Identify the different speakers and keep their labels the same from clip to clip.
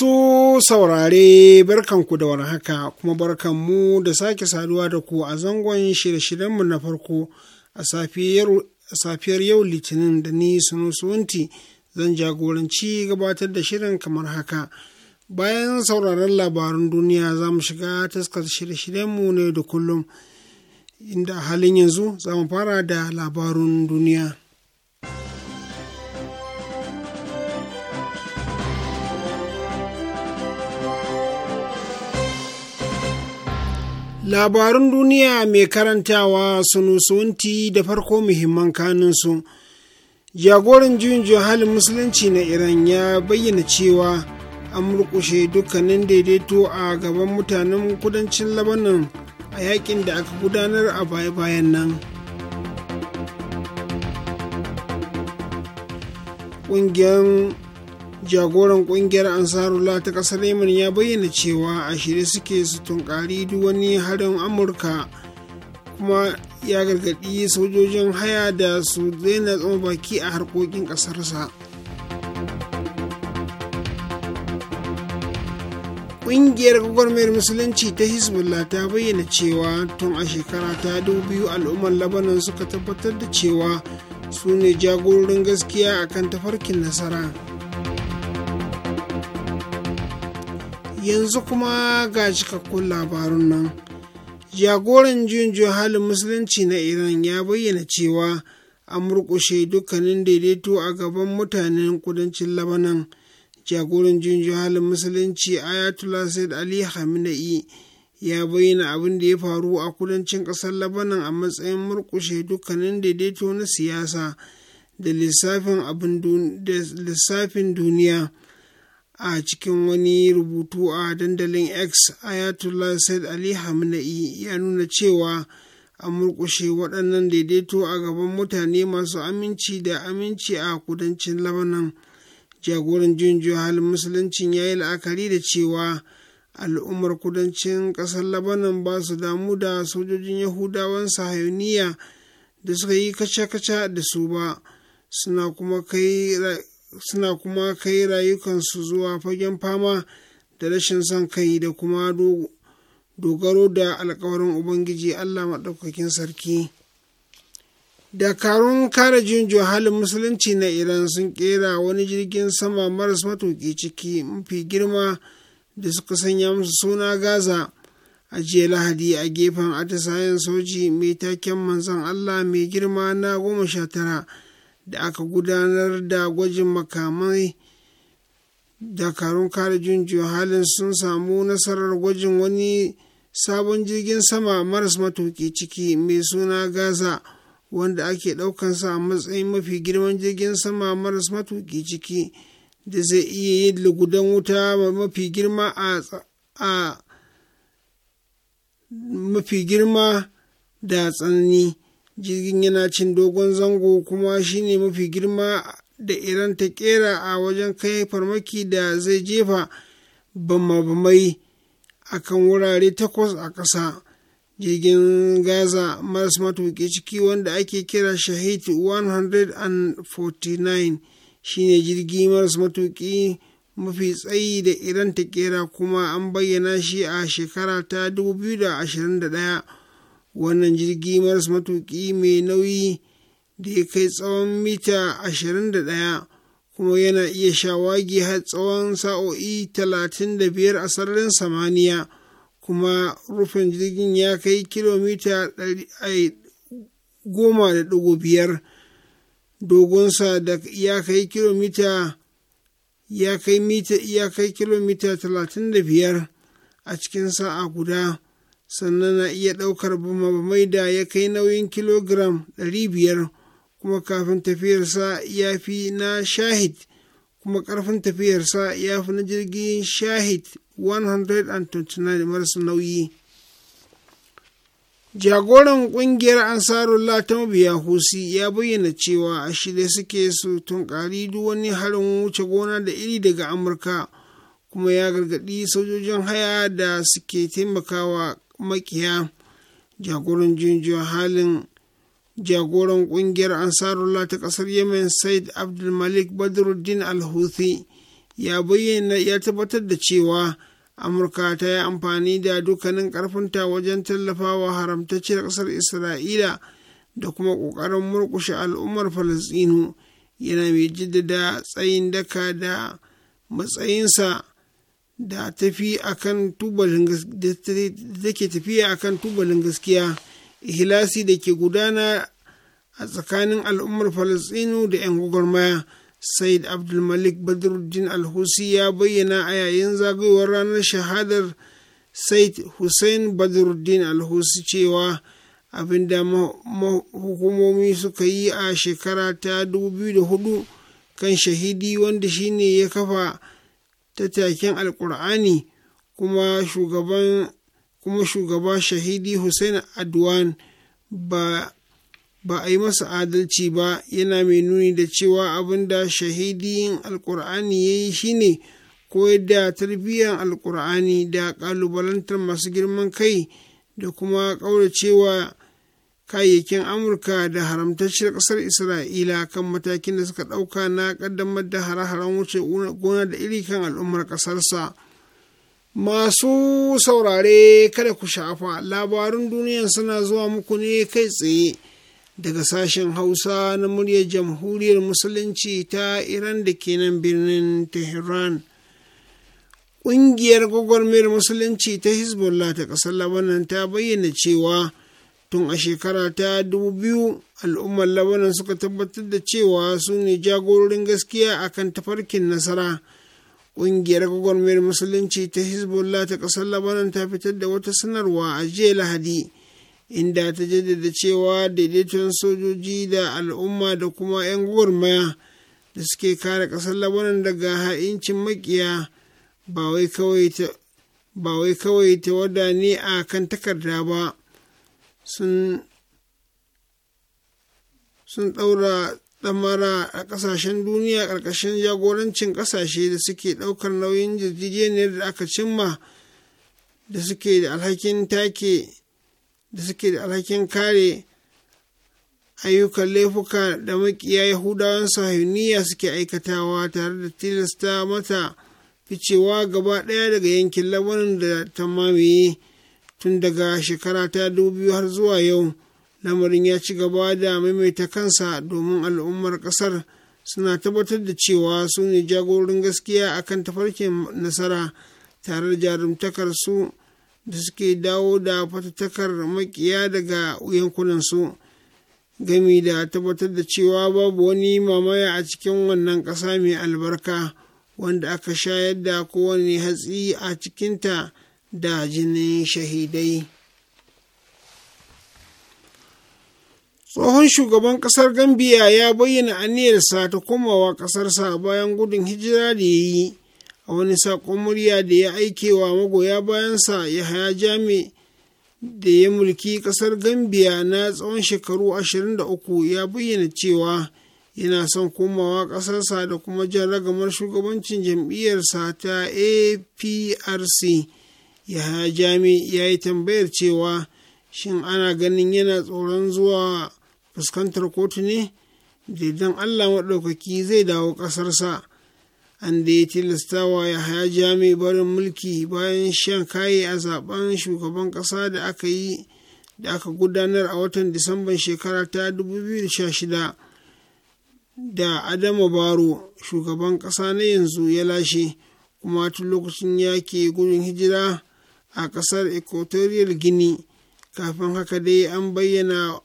Speaker 1: Masu saurare barkanku da warhaka kuma barkanmu da sake saduwa da ku a zangon shirye-shiryenmu na farko a safiyar yau litinin da ni wunti, zan jagoranci gabatar da shirin kamar haka. Bayan sauraron labarun duniya za mu shiga taskar shirye-shiryenmu ne da kullum inda halin yanzu za mu fara da labarun duniya. Labarun duniya mai karantawa sunti da farko muhimman kanunsu. Jagoran juyin halin musulunci na Iran ya bayyana cewa an murƙushe dukkanin daidaito a gaban mutanen kudancin Labanan a yakin da aka gudanar a baya-bayan nan. ƙungiyar jagoran kungiyar ansarullah ta kasar yemen ya bayyana cewa a shirye suke su tunkari duk wani harin amurka kuma ya gargaɗi sojojin haya da su daina tsoma baki a harkokin ƙasarsa ƙungiyar gwagwarmayar musulunci ta hezbollah ta bayyana cewa tun a shekara ta biyu al'ummar labanan suka tabbatar da cewa su ne jagororin gaskiya akan tafarkin nasara yanzu kuma ga cikakkun labarun nan jagoran juyin halin musulunci na iran ya bayyana cewa an murƙushe dukkanin daidaito a gaban mutanen kudancin labanan jagoran juyin halin musulunci ayatollah said ali hamina'i ya bayyana abin da ya faru a kudancin ƙasar labanan a matsayin murƙushe dukkanin daidaito na siyasa da lissafin duniya a cikin wani rubutu a dandalin x ayatollah said ali hamna'i ya nuna cewa a murkushe waɗannan daidaito a gaban mutane masu aminci da aminci a kudancin labanan jagoran junjo halin musuluncin ya yi la'akari da cewa al'ummar kudancin ƙasar labanan ba su damu da sojojin yahudawan sahayuniya da suka yi kaca-kaca da su ba suna kuma kai suna kuma kai rayukansu zuwa fagen fama da rashin son kai da kuma dogaro da alkawarin ubangiji allah maɗaukakin sarki dakarun kare jinjo halin musulunci na iran sun kera wani jirgin sama maras matuƙi ciki mafi girma da suka sanya musu suna gaza a jiya lahadi a gefen atisayen soji mai taken manzon allah mai girma na goma sha tara da aka gudanar da gwajin makamai dakarun kare junjiyo halin sun samu nasarar gwajin wani sabon jirgin sama maras matuƙi ciki mai suna gaza wanda ake ɗaukansa a matsayin mafi girman jirgin sama maras matuki ciki da zai iya yin lugudan wuta mafi girma a mafi girma da tsanani jirgin yana cin dogon zango kuma shine mafi girma da iran ta kera a wajen kai farmaki da zai jefa bamabamai a kan wurare takwas a ƙasa jirgin gaza maras matuƙi ciki wanda ake kira shahid 149 shine jirgi maras matuƙi mafi tsayi da iran ta kera kuma an bayyana shi a shekara ta 2021 wannan jirgi maras matuki mai nauyi da ya kai tsawon mita 21 kuma yana iya shawagi har tsawon sa'o'i 35 a sararin samaniya kuma rufin jirgin ya kai kilomita 10.5 dogonsa da ya kai kilomita ya kai kilomita 35 a cikin sa'a guda sannan na iya ɗaukar bamai da ya kai nauyin kilogiram 500 kuma kafin tafiyarsa ya fi na shahid kuma ƙarfin tafiyarsa ya fi na jirgin shahid 129 marasa nauyi jagoran ƙungiyar ansarullah ta mabiya husi ya bayyana cewa a shirye suke su tunkari duk wani harin wuce gona da iri daga amurka kuma ya gargaɗi sojojin haya da suke taimakawa makiya jagoran jinjiyar halin jagoran kungiyar ansarullah ta kasar yemen said abdulmalik badruddin al-houthi ya bayyana ya tabbatar da cewa amurka ta yi amfani da dukkanin karfinta wajen tallafawa haramtacciyar kasar isra'ila da kuma ƙoƙarin murkushe al'ummar falasɗinu yana mai jaddada tsayin daka da matsayinsa da tafi akan tubalin da ke tafiya akan tubalin gaskiya ihlasi da ke gudana a tsakanin al'ummar falastinu da 'yan gwagwarmaya said abdulmalik badruddin alhusi ya bayyana a yayin zagayowar ranar shahadar said hussein badruddin alhusi cewa abinda hukumomi suka yi a shekara ta 2004 kan shahidi wanda shine ya kafa ta taken alkur'ani kuma shugaba shahidi hussein adwan ba ba a yi masa adalci ba yana mai nuni da cewa abin da shahidin alkur'ani ya yi shi ne koyar da tarbiyyar alkur'ani da kalubalantar masu girman kai da kuma ƙauracewa kayayyakin amurka da haramtacciyar ƙasar isra'ila kan matakin da suka ɗauka na ƙaddamar da hare-haren wuce gona da iri kan al'ummar ƙasarsa masu saurare kada ku shafa, labarun duniya suna zuwa muku ne kai tsaye daga sashen hausa na muryar jamhuriyar musulunci ta iran da ke nan birnin tehran ƙungiyar gwagwarmayar musulunci ta hezbollah ta ƙasar labanan ta bayyana cewa tun a shekara ta dubu biyu al'ummar labanan suka tabbatar da cewa su ne jagororin gaskiya a kan tafarkin nasara ƙungiyar gwagwarmayar musulunci ta hezbollah ta ƙasar labanan ta fitar da wata sanarwa a jiya lahadi inda ta jaddada cewa daidaiton sojoji da al'umma da kuma 'yan gwagwarmaya da suke kare ƙasar labanan daga ha'incin makiya ba wai kawai ta wada ne a kan takarda ba sun sun ɗaura ɗamara a ƙasashen duniya ƙarƙashin jagorancin ƙasashe da suke ɗaukar nauyin jirgijeniyar da aka cimma da suke da alhakin take da suke da alhakin kare ayyukan laifuka da makiya yahudawan sahuniya suke aikatawa tare da tilasta mata ficewa gaba ɗaya daga yankin labarin da ta mamaye tun daga shekara ta dubu har zuwa yau lamarin ya ci gaba da maimaita kansa domin al'ummar ƙasar suna tabbatar da cewa su ne jagorin gaskiya akan tafarkin nasara tare da jarumtakar su da suke dawo da fatattakar makiya daga yankunansu gami da tabbatar da cewa babu wani mamaya a cikin wannan ƙasa mai albarka wanda aka shayar da kowane hatsi a cikinta da jinin shahidai tsohon shugaban kasar gambia ya bayyana aniyarsa ta komawa kasarsa bayan gudun hijira da ya yi a wani saƙon murya da ya aikewa magoya bayansa ya haya jami da ya mulki kasar gambia na tsawon shekaru 23 ya bayyana cewa yana son komawa ƙasarsa da kuma jan ragamar shugabancin jam'iyyarsa ta aprc yahaya jami ya yi tambayar cewa shin ana ganin yana tsoron zuwa fuskantar kotu ne daidan allah maɗaukaki zai dawo ƙasarsa an da ya tilastawa yahaya jami barin mulki bayan shan kaye a zaben shugaban ƙasa da aka yi da aka gudanar a watan disamban shekara ta 2016 da adama baro shugaban ƙasa na yanzu ya lashe kuma tun lokacin yake gudun hijira a ƙasar equatorial guinea kafin haka dai an bayyana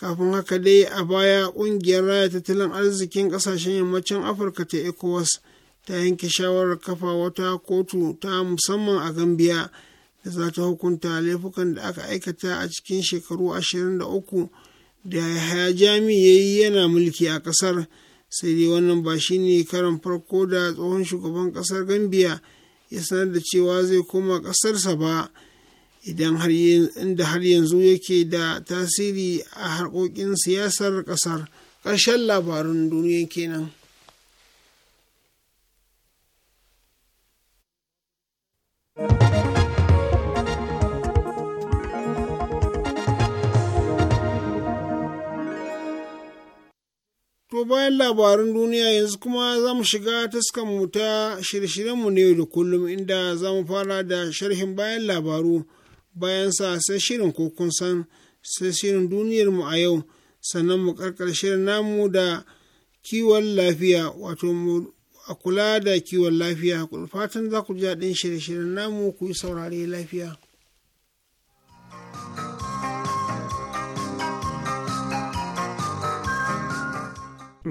Speaker 1: kafin haka dai a baya ƙungiyar raya tattalin arzikin ƙasashen yammacin afirka ta ecowas ta yanke shawarar kafa wata kotu ta musamman a gambia da za ta hukunta laifukan da aka aikata a cikin shekaru 23 da ya jami ya yi yana mulki a ƙasar sai dai wannan ba shi ne karan farko da tsohon shugaban ƙasar gambia ya sanar da cewa zai koma ƙasarsa ba idan inda har yanzu yake da tasiri a harkokin siyasar ƙasar ƙarshen labarin duniya kenan. To bayan labarin duniya yanzu kuma za mu shiga taskanmu ta shirye-shiryenmu ne da kullum inda za mu fara da sharhin bayan labaru bayan sa sai shirin ko kun san sai shirin duniyarmu a yau sannan mu karkar shirin namu da kiwon lafiya wato mu a kula da kiwon lafiya fatan za ku ji daɗin shirye-shiryen namu ku yi saurare lafiya.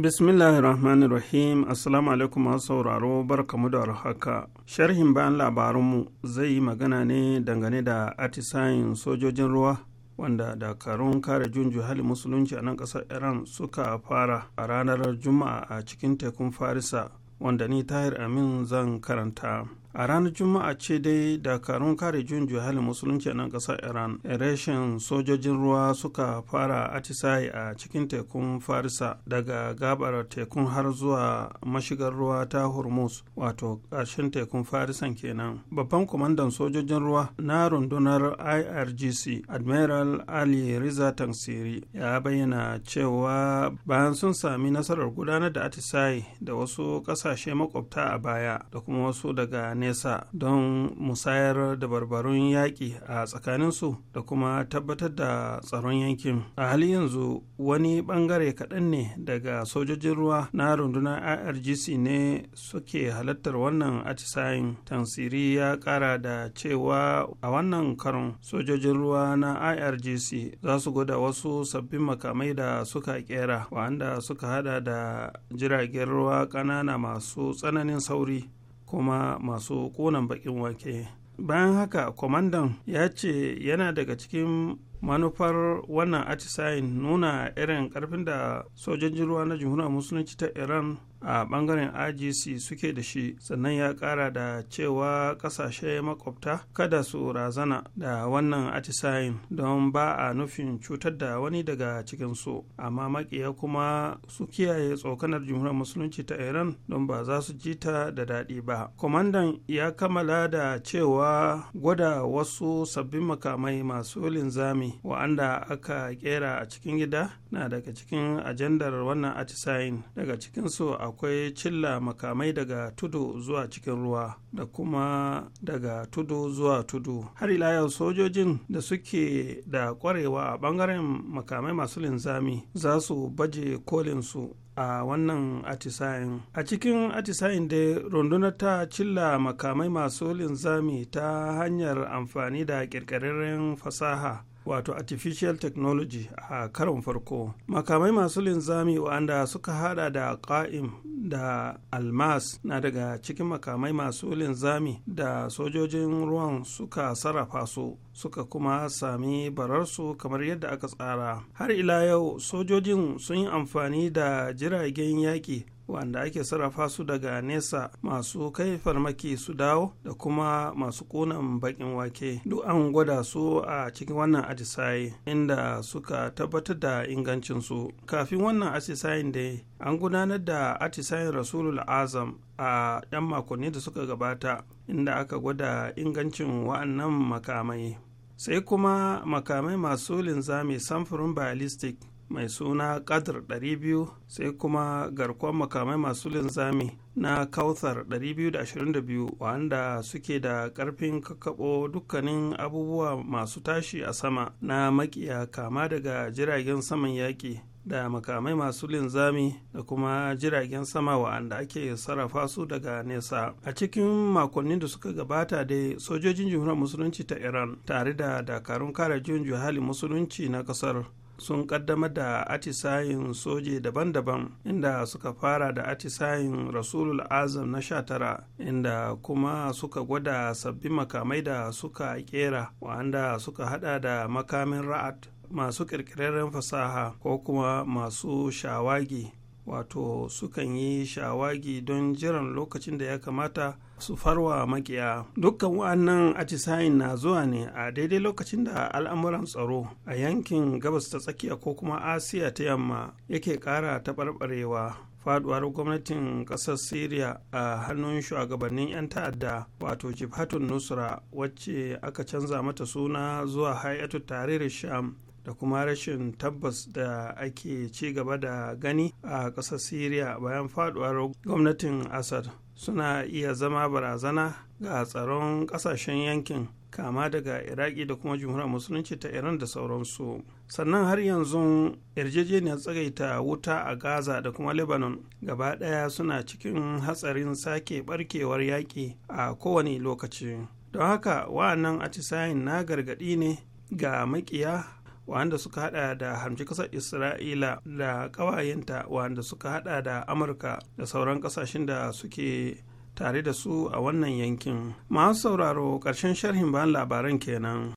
Speaker 2: bismillahi rahmanir rahim assalamu alaikum masu sauraro barkamu da haka sharhin bayan labarinmu zai yi magana ne dangane da atisayin sojojin ruwa wanda dakarun kare junju hali musulunci a nan kasar iran suka fara a ranar juma'a a cikin tekun farisa wanda ni tahir amin zan karanta a ranar juma'a ce dai dakarun kare juyin juhalin musulunci a nan ƙasar iran reshen sojojin ruwa suka fara atisaye a cikin tekun farisa daga gabar tekun har zuwa mashigar ruwa ta hormuz wato ƙarshen tekun farisan kenan babban kwamandan sojojin ruwa na rundunar irgc admiral ali riza tansiri ya bayyana cewa bayan sun sami nasarar gudanar da atisaye da wasu ƙasashe makwabta a baya da kuma wasu daga nesa don musayar dabarbarun yaƙi a tsakaninsu da kuma tabbatar da tsaron yankin a halin yanzu wani ɓangare kaɗan ne daga sojojin ruwa na rundunar irgc ne suke halartar wannan atisayin tansiri ya ƙara da cewa a wannan karon sojojin ruwa na irgc za su gwada wasu sabbin makamai da suka kera wanda suka hada da jiragen ruwa ƙanana masu tsananin sauri kuma masu konan baƙin wake bayan haka kwamandan ya ce yana daga cikin manufar wannan atisayin nuna irin karfin da sojojin ruwa na jamhuriyar musulunci ta iran a bangaren igc suke da shi sannan ya kara da cewa kasashe makwabta kada su razana da wannan atisayin don ba a nufin cutar da wani daga cikinsu amma makiya kuma su kiyaye tsokanar jimhuriyar musulunci ta iran don ba za su jita da daɗi ba kwamandan ya kammala da cewa gwada wasu sabbin makamai masu linzami wa'anda aka kera a cikin gida na daga cikin ajandar wannan atisayin daga cikinsu a akwai cilla makamai daga tudu zuwa cikin ruwa da kuma daga tudu zuwa tudu har ila sojojin da suke da kwarewa a bangaren makamai masu linzami za su baje kolinsu a wannan atisayin a cikin atisayin dai rundunar ta cilla makamai masu linzami ta hanyar amfani da kirkirarren fasaha wato artificial technology a karon farko makamai masu linzami wanda suka hada da ƙa'im da almas na daga cikin makamai masu linzami da sojojin ruwan suka sarrafa su suka kuma sami bararsu kamar yadda aka tsara har ila yau sojojin sun yi amfani da jiragen yaƙi wanda ake sarrafa su daga nesa masu kai farmaki su dawo da kuma masu ƙunan baƙin wake duk an gwada su a cikin wannan atisaye inda suka tabbatar da ingancinsu kafin wannan atisayen da an gudanar da atisayen rasulul azam a 'yan makonni da suka gabata inda aka gwada ingancin wa'annan makamai sai kuma makamai masu linzami samfurin ballistic mai suna kadar 200 sai kuma garkuwar makamai masu linzami na kauthar 222 wanda suke da karfin kakabo dukkanin abubuwa masu tashi a sama na makiya kama daga jiragen saman yaƙi da makamai masu linzami da kuma jiragen sama wa'anda ake sarrafa su daga nesa a cikin makonnin da suka gabata dai sojojin jumhuriyar musulunci ta iran tare da dakarun kare juyin musulunci na kasar sun kaddamar da atisayin soje daban-daban inda suka fara da atisayin rasulul azam na sha tara, inda kuma suka gwada sabbin makamai da suka kera wanda suka hada da makamin ra'at, masu ƙirƙirarren fasaha ko kuma masu shawagi wato sukan yi shawagi don jiran lokacin da ya kamata su farwa makiya dukkan wa'annan atisayin na zuwa ne a daidai lokacin da al'amuran tsaro a yankin gabas ta tsakiya ko kuma asiya ta yamma yake ƙara taɓarɓarewa faduwar gwamnatin ƙasar syria a hannun shugabannin 'yan ta'adda wato jibhatun nusra wacce aka canza mata suna zuwa hayatu da sham da kuma rashin tabbas da ake ci gaba da gani a ƙasar syria bayan faduwar gwamnatin assad suna iya zama barazana ga tsaron ƙasashen yankin kama daga iraki da kuma jumhuriyar musulunci ta iran da sauransu sannan har yanzu yarjejeniyar tsagaita wuta a gaza da kuma lebanon gaba ɗaya suna cikin hatsarin sake barkewar yaƙi a kowane lokaci don haka wa'annan atisayin na gargaɗi ne ga makiya wanda suka hada da harmci kasar isra'ila da ƙawayenta wanda suka hada da amurka da sauran kasashen da suke tare da su a wannan yankin masu sauraro ƙarshen sharhin bayan labaran kenan.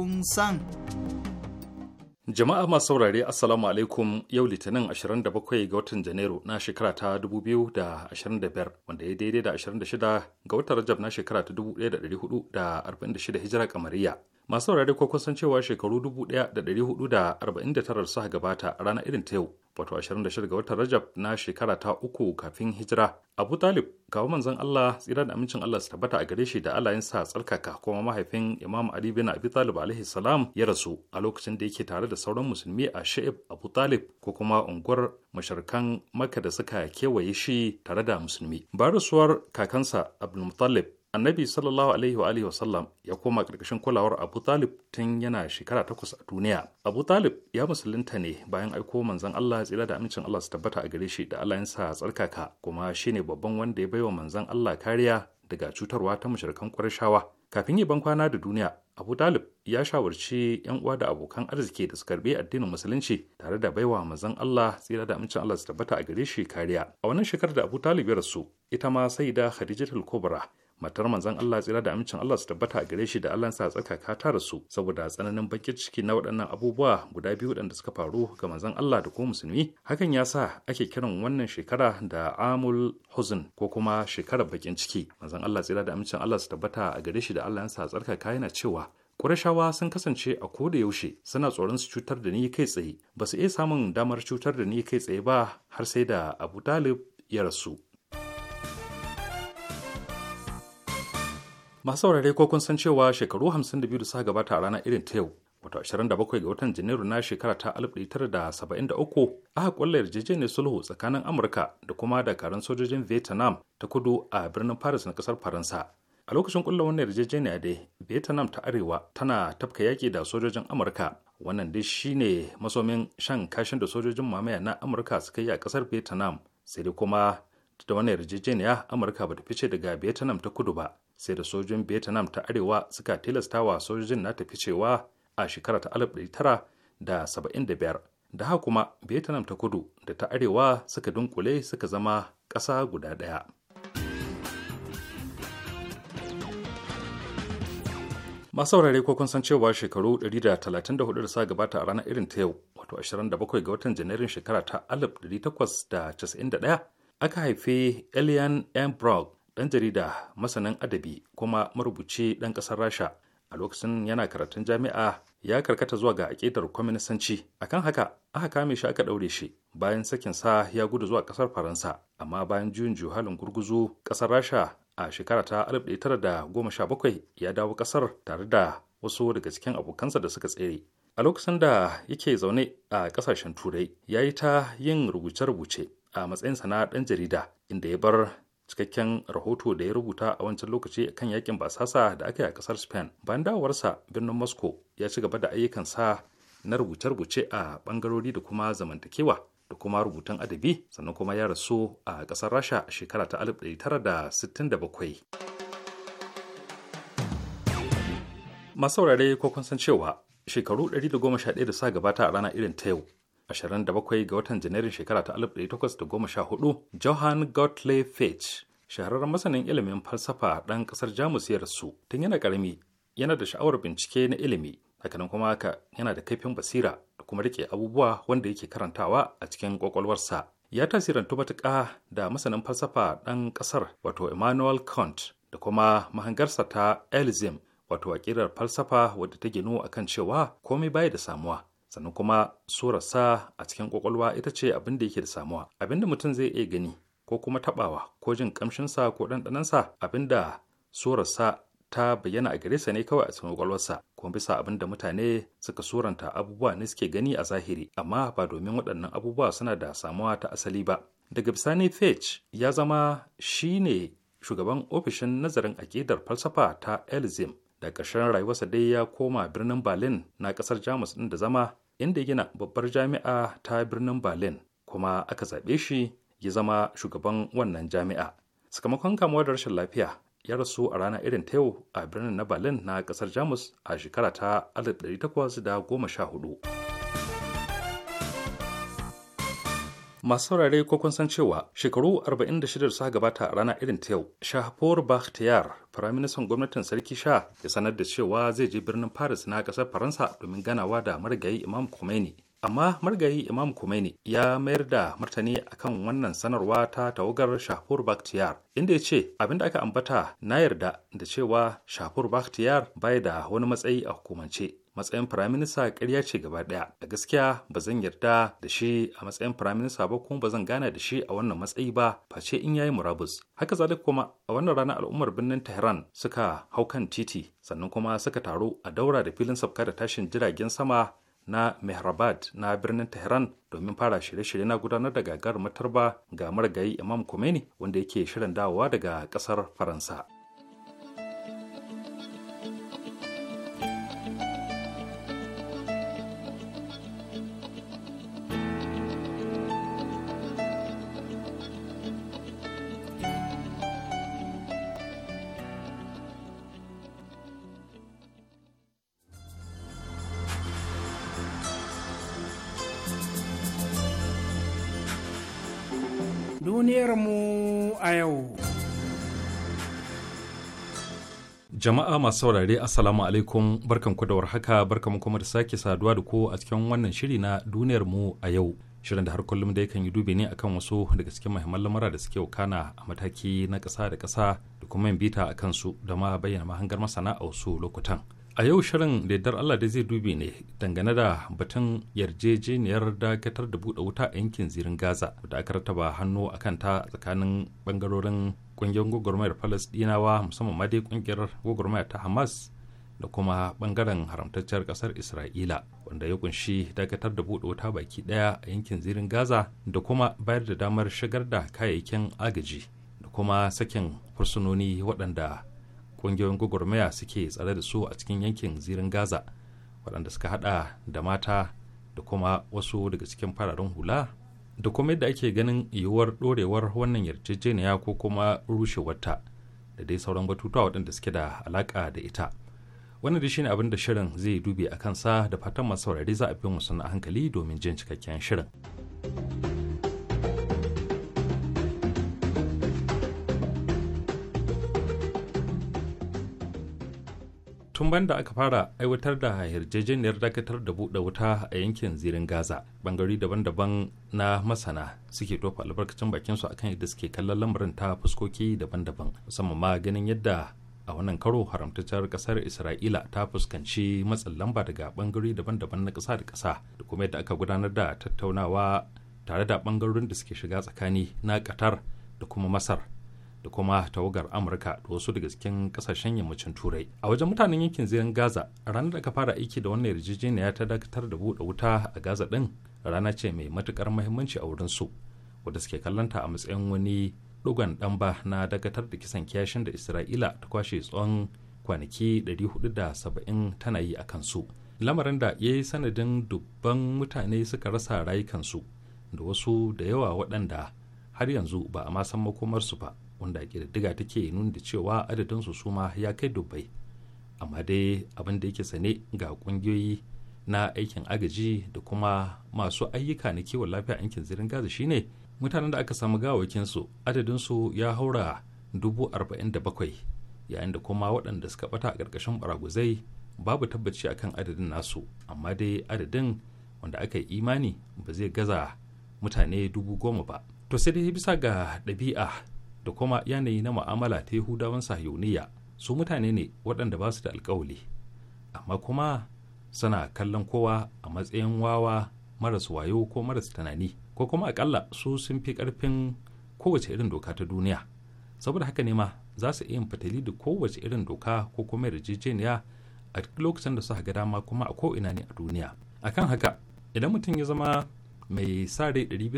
Speaker 3: kun san.
Speaker 4: Jama'a masu saurare Assalamu alaikum yau Litinin 27 ga watan Janairu na shekara ta 2025 wanda ya daidai da 26 ga watan Rajab na shekara ta 1446 Hijira kamariya. masu saurare ko kun san cewa shekaru 1449 suka gabata a ranar irin ta yau wato 26 ga watan rajab na shekara ta uku kafin hijira abu talib kawo manzon allah tsira da amincin allah su tabbata a gare shi da sa tsarkaka kuma mahaifin imam ali bin abi talib alaihi salam ya rasu a lokacin da yake tare da sauran musulmi a sha'ib abu talib ko kuma unguwar mashirkan Makka da suka kewaye shi tare da musulmi ba rasuwar kakansa abdulmutallib annabi sallallahu alaihi wa wasallam ya koma ƙarƙashin kulawar abu talib tun yana shekara takwas a duniya abu talib ya musulunta ne bayan aiko manzon allah tsira da amincin allah su tabbata a gare shi da allah yansa tsarkaka kuma shine babban wanda ya baiwa manzan allah kariya daga cutarwa ta mushrikan ƙwarshawa kafin yi kwana da duniya abu talib ya shawarci yan uwa da abokan arziki da su karbi addinin musulunci tare da baiwa manzon allah tsira da amincin allah su tabbata a gare shi kariya a wannan shekarar da abu talib ya rasu ita ma sai da khadijatul kubra matar manzon Allah tsira da amincin Allah su tabbata a gare shi da Allah sa tsarkaka ta rasu saboda tsananin bakin ciki na waɗannan abubuwa guda biyu waɗanda suka faru ga manzon Allah da kuma musulmi hakan ya sa ake kiran wannan shekara da amul huzn ko kuma shekarar bakin ciki manzon Allah tsira da amincin Allah su tabbata a gare shi da Allah sa tsarkaka yana cewa kurashawa sun kasance a ko da yaushe suna tsoron su cutar da ni kai tsaye ba su iya samun damar cutar da ni kai tsaye ba har sai da Abu Talib ya rasu masu saurare ko kun san cewa shekaru 52 da suka gabata a ranar irin ta yau wato 27 ga watan janairu na shekara ta 1973 aka kulla yarjejeniyar sulhu tsakanin amurka da kuma dakarun sojojin vietnam ta kudu a birnin paris na kasar faransa a lokacin kulla wannan yarjejeniya dai vietnam ta arewa tana tafka yaki da sojojin amurka wannan dai shine masomin shan kashin da sojojin mamaya na amurka suka yi a kasar vietnam sai dai kuma da wannan yarjejeniya amurka ba ta fice daga vietnam ta kudu ba sai da sojojin vietnam ta arewa suka tilasta wa sojojin nata ficewa a shekara ta 1975 da haka kuma vietnam ta kudu da ta arewa suka dunkule suka zama ƙasa guda ɗaya masu saurare ko kun san cewa shekaru 134 da sa gabata a ranar irin ta yau wato 27 ga watan janairun shekara ta 1891 aka haifi Elian Brock ɗan jarida masanin adabi kuma marubuci ɗan ƙasar rasha a lokacin yana karatun jami'a ya karkata zuwa ga aƙidar kwaminisanci kan haka aka kame shi aka ɗaure shi bayan sakin sa ya gudu zuwa ƙasar faransa amma bayan juyin juhalin gurguzu ƙasar rasha a shekara ta 1917 ya dawo ƙasar tare da wasu daga cikin abokansa da suka tsere a lokacin da yake zaune a ƙasashen turai ya yi ta yin rubuce-rubuce a matsayinsa na ɗan jarida inda ya bar cikakken rahoto da ya rubuta a wancan lokaci kan yakin basasa da aka yi a kasar spain bayan dawowarsa birnin moscow ya ci gaba da ayyukansa na rubuce-rubuce a bangarori da kuma zamantakewa da kuma rubutun adabi sannan kuma ya rasu a kasar rasha a shekara ta 1967 masu saurare ko kun san cewa shekaru 111 da sa gabata a rana irin ta yau 27 ga watan janairun shekara ta 1814 johann gottlieb fitch shahararren masanin ilimin falsafa ɗan ƙasar jamus ya rasu tun yana ƙarami yana da sha'awar bincike na ilimi hakanan kuma haka yana da kaifin basira da kuma rike abubuwa wanda yake karantawa a cikin ƙwaƙwalwarsa ya tasirantu matuƙa da masanin falsafa ɗan ƙasar wato emmanuel kant da kuma mahangarsa ta elzim wato aƙidar falsafa wadda ta ginu kan cewa komai baya da samuwa sannan kuma surarsa a cikin kwakwalwa ita ce abin da yake da samuwa abin da mutum zai iya gani ko kuma tabawa ko jin kamshinsa ko ɗanɗanansa abin da surarsa ta bayyana a gare sa ne kawai a cikin kwakwalwarsa kuma bisa abin da mutane suka suranta abubuwa ne suke gani a zahiri amma ba domin waɗannan abubuwa suna da samuwa ta asali ba daga bisani fetch ya zama shine shugaban ofishin nazarin aƙidar falsafa ta elzim da ƙarshen rayuwarsa dai ya koma birnin berlin na ƙasar jamus ɗin da zama inda ya gina babbar jami'a ta birnin berlin kuma aka zaɓe shi ya zama shugaban wannan jami'a sakamakon kamuwa da rashin lafiya ya rasu a rana irin ta yau a birnin na berlin na ƙasar jamus a shekara ta 1814 masu saurare ko kun san cewa shekaru 46 suka gabata a rana irin ta yau shahapor bakhtiyar firaministan gwamnatin sarki sha ya sanar da cewa zai je birnin paris na kasar faransa domin ganawa da marigayi imam khomeini amma marigayi imam khomeini ya mayar da martani akan wannan sanarwa ta tawagar shahapur bakhtiyar inda ya ce abinda aka ambata na yarda da cewa shahapur bakhtiyar bai da wani matsayi a hukumance matsayin firaminista ƙarya ce gaba ɗaya da gaskiya ba zan yarda da shi a matsayin firaminista ba kuma ba zan gana da shi a wannan matsayi ba face in yayi murabus haka zalika kuma a wannan rana al'ummar birnin tehran suka hau kan titi sannan kuma suka taru a daura da filin sabka da tashin jiragen sama na mehrabad na birnin tehran domin fara shirye-shirye na gudanar da gagarumar matarba ga marigayi imam khomeini wanda yake shirin dawowa daga ƙasar faransa. Jama'a masu saurare Assalamu alaikum barkan ku da warhaka barkan kuma da sake saduwa da ku a cikin wannan shiri na duniyar mu a yau. Shirin da har kullum da yakan yi dube ne akan wasu daga cikin muhimman lamura da suke wakana a mataki na ƙasa da ƙasa da kuma yin bita a su da ma bayyana mahangar masana a wasu lokutan. a yau shirin daidar allah da zai dube ne dangane da batun yarjejeniyar dakatar da buɗe wuta a yankin zirin gaza da aka rataba hannu a kanta tsakanin bangarorin ƙungiyar gwagwarmayar Falasɗinawa, musamman ma dai ƙungiyar gwagwarmayar ta hamas da kuma ɓangaren haramtacciyar ƙasar isra'ila wanda ya kunshi dakatar da buɗe wuta baki ɗaya a yankin zirin gaza da kuma bayar da damar shigar da kayayyakin agaji da kuma sakin fursunoni waɗanda kungiyoyin gwagwarmaya suke tsare da su a cikin yankin zirin gaza waɗanda suka hada da mata da kuma wasu daga cikin fararen hula da kuma yadda ake ganin yiwuwar ɗorewar wannan yarjejeniya ko kuma rushewarta da dai sauran batutuwa waɗanda suke da alaƙa da ita wannan da shine abin da shirin zai dubi a kansa da fatan masu saurari za a bin wasu na hankali domin jin cikakken shirin. tun banda aka fara aiwatar da yarjejeniyar dakatar da buɗe wuta a yankin zirin gaza bangare daban-daban na masana suke tofa albarkacin bakin su akan yadda suke kallon lamarin ta fuskoki daban-daban musamman ma ganin yadda a wannan karo haramtacciyar kasar isra'ila ta fuskanci matsin lamba daga bangare daban-daban na ƙasa da kasa da kuma yadda aka gudanar da tattaunawa tare da bangarorin da suke shiga tsakani na qatar da kuma masar da kuma tawagar amurka da wasu daga cikin kasashen yammacin turai a wajen mutanen yankin zirin gaza ranar da ka fara aiki da wannan yarjejeniya ta dakatar da buɗe wuta a gaza ɗin rana ce mai matukar muhimmanci a wurin su wanda suke kallanta a matsayin wani dogon ɗan ba na dakatar da kisan kiyashin da isra'ila ta kwashe tsawon kwanaki 470 tana yi a kansu lamarin da ya yi sanadin dubban mutane suka rasa rayukansu da wasu da yawa waɗanda har yanzu ba a ma san makomarsu ba wanda diga take nuni da cewa adadin su suma ya kai dubbai amma dai abin da yake sane ga kungiyoyi na aikin agaji da kuma masu ayyuka na kiwon lafiya a yankin zirin gaza shine mutanen da aka samu gawakin su adadin su ya haura dubu arba'in da bakwai yayin da kuma waɗanda suka bata a ƙarƙashin baraguzai babu tabbaci akan adadin nasu amma dai adadin wanda aka yi imani ba zai gaza mutane dubu goma ba to sai dai bisa ga ɗabi'a da kuma yanayi na mu'amala ta yahudawan sahiyoniya su mutane ne waɗanda ba su da alkawali amma kuma suna kallon kowa a matsayin wawa maras wayo ko maras tunani ko kuma akalla su sun fi ƙarfin kowace irin doka ta duniya saboda haka ne ma za su iya yin fitali da kowace irin doka ko kuma yarjejeniya a lokacin da suka ga dama kuma a ko'ina ne a duniya akan haka idan mutum ya zama mai sa rai ɗari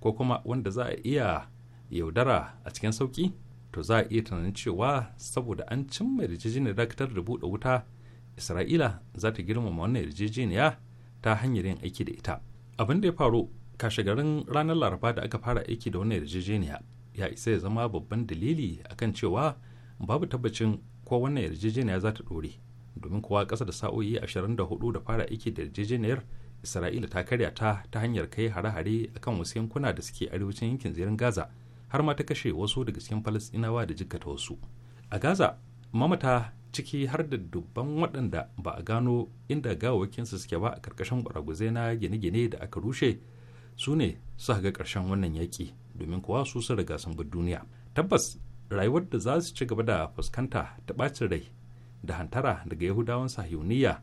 Speaker 4: ko kuma wanda za a iya yaudara a cikin sauki to za a iya tunanin cewa saboda an cimma yarjejeniyar dakatar da buɗe wuta isra'ila za ta girmama wannan yarjejeniya ta hanyar yin aiki da ita abin da ya faru kashe garin ranar laraba da aka fara aiki da wannan yarjejeniya ya isa ya zama babban dalili akan cewa babu tabbacin ko wannan yarjejeniya za ta ɗore domin kuwa ƙasa da sa'o'i 24 da hudu da fara aiki da yarjejeniyar isra'ila ta karya ta ta hanyar kai hare-hare akan wasu yankuna da suke arewacin yankin zirin gaza har ma ta kashe wasu daga cikin falasɗinawa da jikkata wasu a gaza mamata ciki har da dubban waɗanda ba a gano inda gawawakinsu suke ba a ƙarƙashin baraguzai na gine-gine da aka rushe su ne su ga ƙarshen wannan yaƙi domin kuwa su sun riga sun bi duniya tabbas rayuwar da za su ci gaba da fuskanta ta ɓacin rai da hantara daga yahudawan sahiyuniya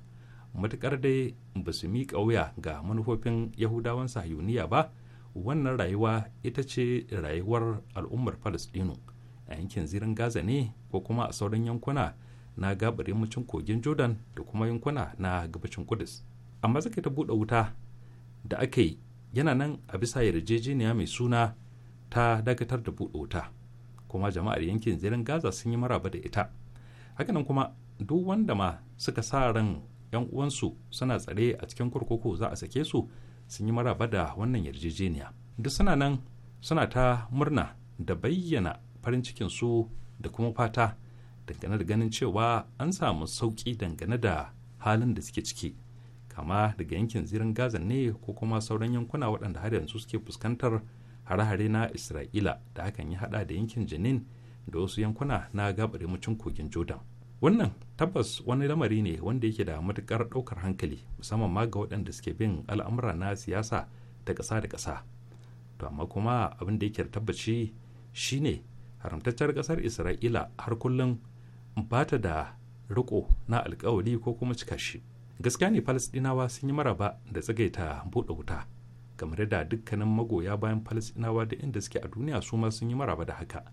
Speaker 4: matuƙar dai ba su miƙa wuya ga manufofin yahudawan sahiyuniya ba wannan rayuwa ita ce rayuwar al'ummar falastinu a yankin zirin gaza ne ko kuma a sauran yankuna na gabar yammacin kogin jordan da kuma yankuna na gabacin kudus amma zaka ta buɗe wuta da aka yi yana nan a bisa yarjejeniya mai suna ta dakatar da buɗe wuta kuma jama'ar yankin zirin gaza sun yi maraba da ita hakanan kuma duk wanda ma suka sa ran yan uwansu suna tsare a cikin kurkuku za a sake su sun yi maraba da wannan yarjejeniya duk suna nan suna ta murna da bayyana farin cikin su da kuma fata dangane da ganin cewa an samu sauƙi dangane da halin da suke ciki kama daga yankin zirin gaza ne ko kuma sauran yankuna waɗanda har yanzu suke fuskantar hare-hare na isra'ila da hakan ya haɗa da yankin janin da wasu yankuna na gabar kogin jordan wannan tabbas wani lamari ne wanda yake da matukar ɗaukar hankali musamman ma ga waɗanda suke bin al'amura na siyasa ta ƙasa da ƙasa to amma kuma abin da yake da tabbaci shine haramtaccen ƙasar isra'ila har kullum ba ta da riko na alkawari ko kuma cika shi gaskiya ne falasɗinawa sun yi maraba da tsagaita buɗe wuta kamar da dukkanin magoya bayan falasɗinawa da inda suke a duniya su ma sun yi maraba da haka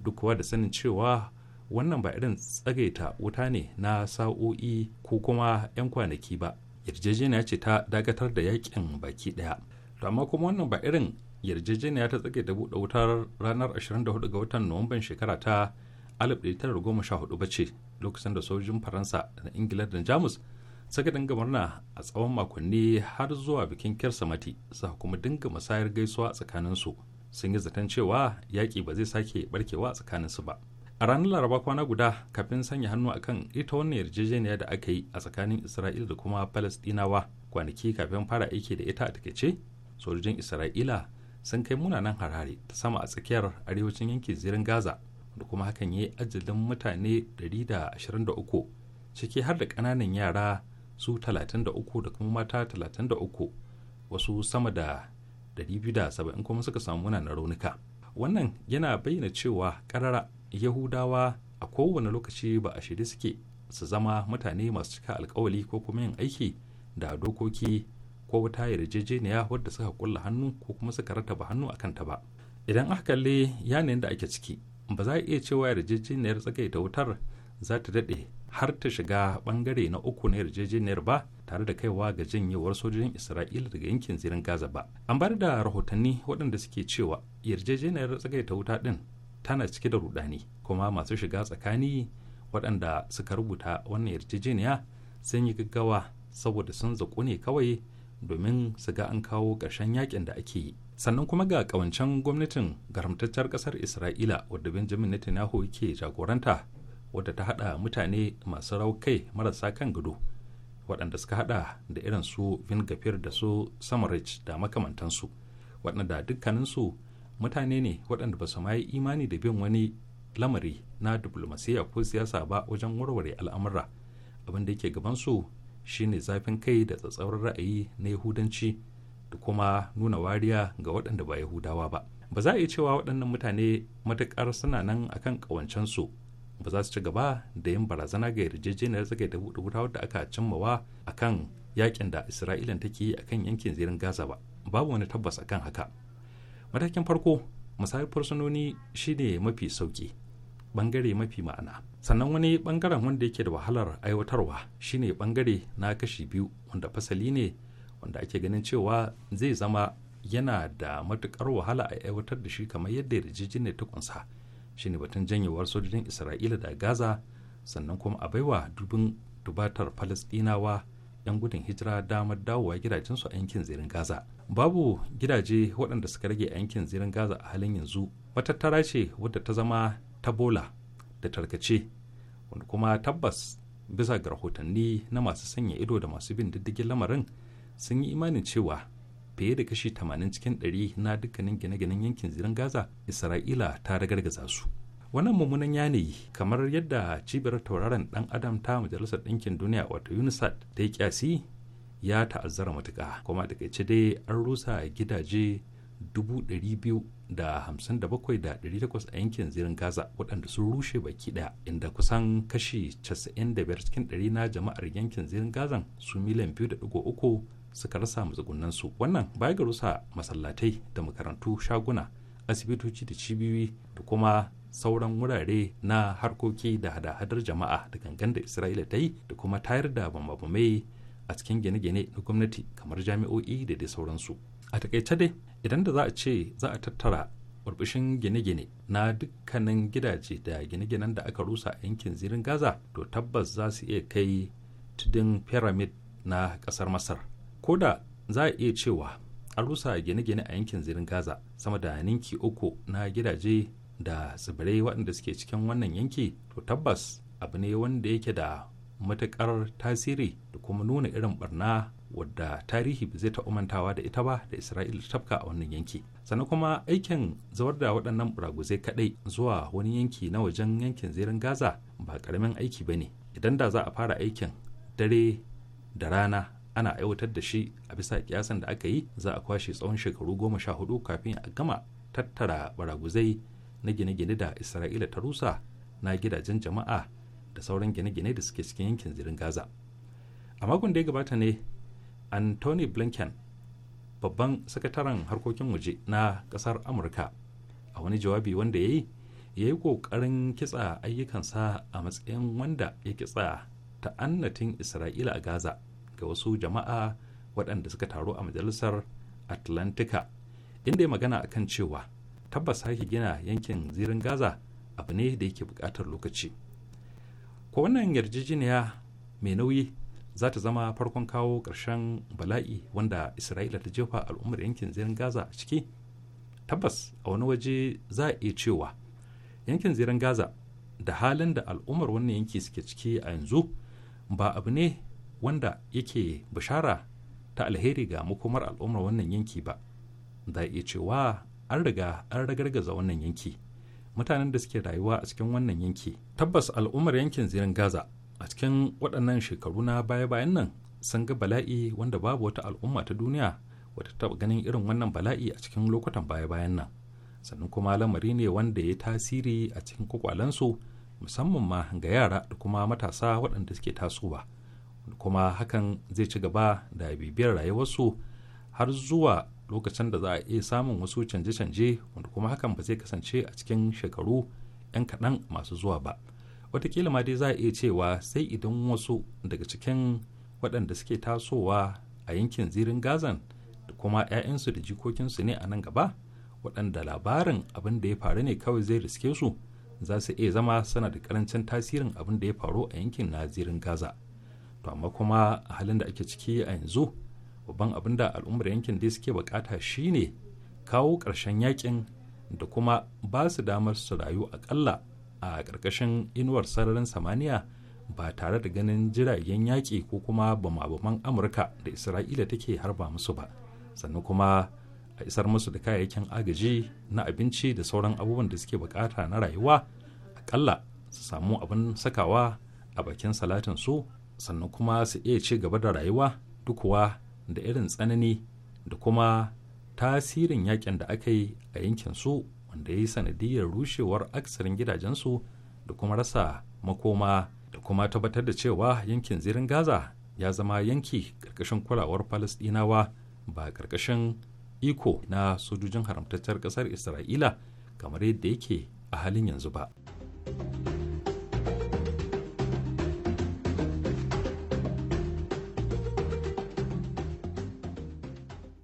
Speaker 4: duk kuwa da sanin cewa wannan ba irin tsagaita wuta ne na sa'o'i ko kuma 'yan kwanaki ba yarjejeniya ce ta dakatar da yakin baki daya to amma kuma wannan ba irin yarjejeniya ta tsage da buɗe wutar ranar 24 ga watan nuwamban shekara ta 1914 ba ce lokacin da sojin faransa da ingila da jamus suka dinga murna a tsawon makonni har zuwa bikin kirsimati sa kuma dinga musayar gaisuwa tsakaninsu sun yi zaton cewa yaƙi ba zai sake barkewa tsakaninsu ba a ranar laraba kwana guda kafin sanya hannu akan ita wannan yarjejeniya da aka yi a tsakanin isra'ila da kuma palestinawa kwanaki kafin fara aiki da ita a takaice sojojin isra'ila sun kai munanan harare ta sama a tsakiyar arewacin yankin zirin gaza da kuma hakan ya yi ajalin mutane 123 ciki har da kananan yara su 33 da kuma mata 33 wasu sama da 270 kuma suka samu munanan raunuka wannan yana bayyana cewa karara yahudawa a kowane lokaci ba a shirye suke su zama mutane masu cika alkawali ko kuma yin aiki da dokoki ko wata yarjejeniya wadda suka kulla hannu ko kuma suka rataba hannu a kanta ba idan aka kalli yanayin da ake ciki ba za a iya cewa yarjejeniyar tsagaita wutar za ta daɗe har ta shiga bangare na uku na yarjejeniyar ba tare da kaiwa ga janyewar sojojin isra'ila daga yankin zirin gaza ba an bar da rahotanni waɗanda suke cewa yarjejeniyar tsagaita wuta ɗin tana cike da rudani kuma masu shiga tsakani waɗanda suka rubuta wannan yarjejeniya sun yi gaggawa saboda sun zaƙo ne kawai domin su ga an kawo ƙarshen yakin da ake yi sannan kuma ga ƙawancen gwamnatin garamtaccen ƙasar isra'ila wadda benjamin netanyahu ke jagoranta wadda ta haɗa mutane masu kai marasa kan gado waɗanda suka haɗa da irin su vingafir da su samarich da makamantansu waɗanda dukkaninsu mutane ne waɗanda ba su ma yi imani da bin wani lamari na diplomasiya ko siyasa ba wajen warware al'amura abin da yake gabansu shine zafin kai da tsatsauran ra'ayi na yahudanci da kuma nuna wariya ga waɗanda ba yahudawa ba ba za a yi cewa waɗannan mutane matuƙar suna nan akan ƙawancensu ba za su ci gaba da yin barazana ga yarjejeniyar zaga da buɗe wuta wadda aka cimmawa akan yakin da isra'ila take yi akan yankin zirin gaza ba babu wani tabbas akan haka matakin farko musayar fursunoni shine mafi sauki bangare mafi ma'ana sannan wani bangaren wanda yake da wahalar aiwatarwa shine bangare na kashi biyu wanda fasali ne wanda ake ganin cewa zai zama yana da matukar wahala a aiwatar da shi kamar yadda yarjejeniyar ta kunsa shine batun janyewar sojojin isra'ila da gaza sannan kuma a baiwa dubin dubatar palestinawa 'yan gudun hijira damar dawowa gidajensu a yankin zirin gaza babu gidaje waɗanda suka rage a yankin zirin gaza a halin yanzu matattara ce wadda ta zama ta bola da tarkace wanda kuma tabbas bisa ga rahotanni na masu sanya ido da masu bin diddigin lamarin sun yi imanin cewa fiye da kashi 80 cikin 100 na dukkanin gine-ginen yankin zirin gaza isra'ila ta ragargaza su wannan mummunan yanayi kamar yadda cibiyar tauraron dan adam ta majalisar ɗinkin duniya wato unisat ta yi kyasi ya ta'azzara matuka. kuma a takaice dai an rusa gidaje 257,800 a yankin zirin Gaza waɗanda sun rushe baki ɗaya inda kusan kashi 95 cikin 100 na jama'ar yankin zirin Gazan su miliyan 2.3 suka rasa su wannan baya ga rusa masallatai da makarantu shaguna asibitoci da cibiyoyi da kuma sauran wurare na harkoki da hada-hadar jama'a da gangan da Isra'ila ta yi da kuma tayar da bambamai a cikin gine-gine na gwamnati kamar jami'o'i da dai sauransu a takaice dai idan da za a ce za a tattara burbushin gine-gine na dukkanin gidaje da gine-ginen da aka rusa a yankin zirin gaza to tabbas za su iya kai tudun pyramid na kasar masar ko da za a iya cewa an rusa gine-gine a yankin zirin gaza sama da ninki uku na gidaje da tsibirai waɗanda suke cikin wannan yanki to tabbas abu ne wanda yake da matuƙar tasiri da kuma nuna irin barna wadda tarihi ba zai taɓa mantawa da ita ba da isra'ila tafka a wannan yanki sannan kuma aikin zawar da waɗannan buraguzai kaɗai zuwa wani yanki na wajen yankin zirin gaza ba ƙaramin aiki ba ne idan da za a fara aikin dare da rana ana aiwatar da shi a bisa kiyasan da aka yi za a kwashe tsawon shekaru goma sha hudu kafin a gama tattara baraguzai na gine-gine da isra'ila ta rusa na gidajen jama'a da sauran gine-gine da suke cikin yankin zirin gaza a makon da ya gabata ne anthony blinken babban sakataren harkokin waje na kasar amurka a wani jawabi wanda ya yi ya yi ƙoƙarin kitsa ayyukansa a matsayin wanda ya kitsa ta'annatin isra'ila a gaza ga wasu jama'a waɗanda suka taru a majalisar atlantika inda ya magana akan cewa tabbas sake gina yankin zirin gaza abu ne da yake buƙatar lokaci ko wannan yarjejeniya mai nauyi za ta zama farkon kawo ƙarshen bala'i wanda isra'ila ta jefa al'ummar yankin zirin gaza a ciki tabbas a wani waje za a iya cewa yankin zirin gaza da halin da al'ummar wannan yanki suke ciki a yanzu ba abu ne wanda yake bishara ta alheri ga makomar al'ummar wannan yanki ba za a iya cewa an riga an ragargaza wannan yanki mutanen da suke rayuwa a cikin wannan yanki tabbas al'ummar yankin zirin gaza a cikin waɗannan shekaru na baya-bayan nan sun ga bala'i wanda babu wata al'umma ta duniya wata taɓa ganin irin wannan bala'i a cikin lokutan baya-bayan nan sannan kuma lamari ne wanda ya tasiri a cikin kwakwalensu musamman ma ga yara da kuma matasa waɗanda suke tasowa kuma hakan zai ci gaba da bibiyar rayuwarsu har zuwa lokacin da za a iya samun wasu canje-canje wanda kuma hakan ba zai kasance a cikin shekaru 'yan kaɗan masu zuwa ba watakila ma dai za a iya cewa sai idan wasu daga cikin waɗanda suke tasowa a yankin zirin gazan da kuma 'ya'yansu da jikokinsu ne a nan gaba waɗanda labarin abin da ya faru ne kawai zai riske su za su iya zama sana da karancin tasirin abin da ya faru a yankin na zirin gaza to amma kuma a halin da ake ciki a yanzu babban abin da al'ummar yankin dai suke bukata shine kawo ƙarshen yakin da kuma ba su damar su rayu akalla a ƙarƙashin inuwar sararin samaniya ba tare da ganin jiragen yaƙi ko kuma bama-baman amurka da isra'ila take harba musu ba sannan kuma a isar musu da kayayyakin agaji na abinci da sauran abubuwan da suke bukata na rayuwa aƙalla su samu abin sakawa a bakin salatin su sannan kuma su iya ci gaba da rayuwa duk da irin tsanani da kuma tasirin yakin da aka yi a yankin su wanda ya yi sanadiyar rushewar aksarin gidajensu da kuma rasa makoma da kuma tabbatar da cewa yankin zirin gaza ya zama yanki ƙarƙashin kulawar falasɗinawa ba ƙarƙashin iko na sojojin haramtaccen ƙasar isra'ila kamar yadda yake a halin yanzu ba.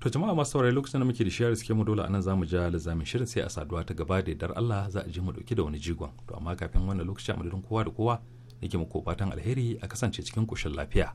Speaker 4: To jama'a masu saurari lokacin da muke da shiyar suke mu dole anan mu ja lazamin shirin sai a saduwa ta gaba da yardar Allah za a ji mu dauki da wani jigon. To amma kafin wannan lokaci a madadin kowa da kowa nake muku fatan alheri a kasance cikin koshin lafiya.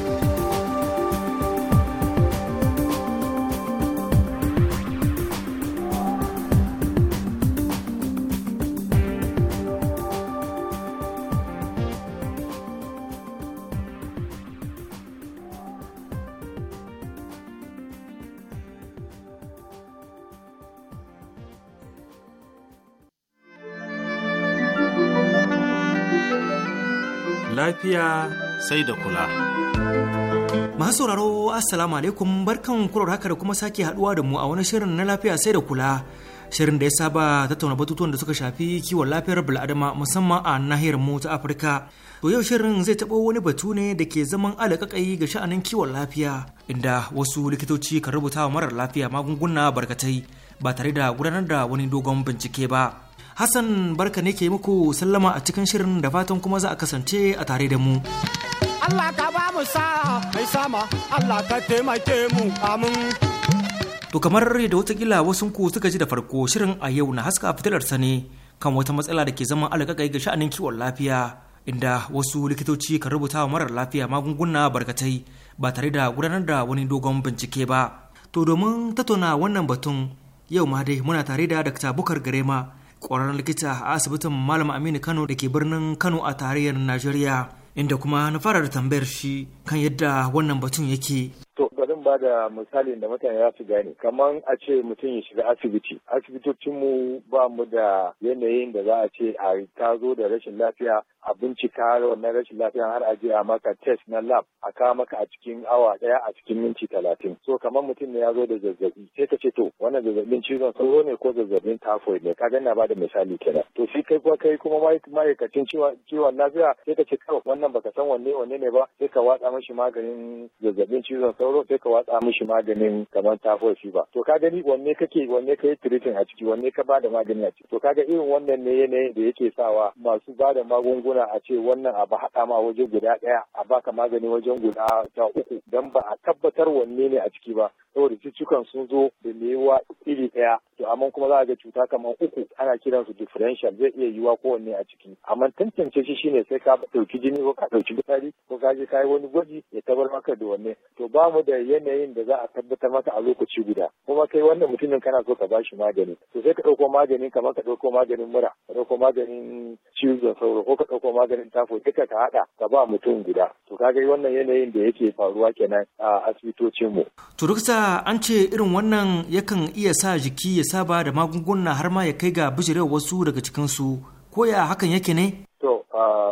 Speaker 5: lafiya sai da kula. Masu sauraro Assalamu alaikum barkan kurar haka da kuma sake haduwa da mu a wani shirin na lafiya sai da kula. Shirin da ya saba tattauna batutuwan da suka shafi kiwon lafiyar bil'adama musamman a nahiyar mu ta Afirka. To yau shirin zai taɓo wani batu ne da ke zaman alaƙaƙai ga sha'anin kiwon lafiya inda wasu likitoci kan rubuta wa marar lafiya magunguna barkatai ba tare da gudanar da wani dogon bincike ba. Hassan barka ne ke muku sallama a cikin shirin da fatan kuma za a kasance a tare da mu.
Speaker 3: Allah ka ba mu sa'a mai sama Allah ka taimake mu amin.
Speaker 5: To kamar da watakila wasu ku suka ji da farko shirin a yau na haska fitilar sani kan wata matsala da ke zama alƙaƙai ga sha'anin kiwon lafiya. inda wasu likitoci kan rubuta wa marar lafiya magunguna barkatai ba tare da gudanar da wani dogon bincike ba. To domin tattauna wannan batun yau ma dai muna tare da Dr. Bukar Garema ƙwararren likita a asibitin malam aminu kano da ke birnin kano a tarayyar najeriya inda kuma na fara da tambayar shi kan yadda wannan batun yake
Speaker 6: to ba da misalin da mutane za su gane kamar a ce mutum ya shiga asibiti asibitocinmu ba mu da yanayin da za a ce a ta zo da rashin lafiya a bincika wannan rashin lafiya har a je a maka test na lab a kawo maka a cikin awa daya a cikin minti talatin so kamar mutum ne ya zo da zazzabi sai ka ce to wannan zazzabin cizon sauro ne ko zazzabin typhoid ne kaga na da misali kenan to shi kai kuma kai kuma ma'aikacin ciwon lafiya sai ka ce kawai wannan baka san wanne wanne ne ba sai ka watsa mashi maganin zazzabin cizon sauro sai ka watsa mishi maganin kamar typhoid fever to ka gani wanne kake wanne kai treating a ciki wanne ka bada magani a ciki to kaga irin wannan ne yanayin da yake sawa masu bada magunguna a ce wannan abu haɗa ma waje guda ɗaya a baka magani wajen guda ta uku dan ba a tabbatar wanne ne a ciki ba saboda cututtukan sun zo da yiwa iri ɗaya to amma kuma za a ga cuta kamar uku ana kiran su differential zai iya yiwa kowanne a ciki amma tantance shi ne sai ka ɗauki jini ko ka ɗauki fitsari ka je ka yi wani gwaji ya tabar maka da wanne to ba mu da yanayin da za a tabbatar maka a lokaci guda kuma kai wannan mutumin kana so ka bashi magani to sai ka ɗauko magani kamar ka ɗauko maganin mura ka ɗauko maganin cizon sauro ko ka ɗauko maganin tafo duka ka haɗa ka ba mutum guda to ka ga wannan yanayin da yake faruwa kenan a mu
Speaker 5: to rukta an ce irin wannan yakan iya sa jiki ya saba da magunguna har ma ya kai ga bijirewa wasu daga cikin ko ya hakan yake ne?
Speaker 6: to ah,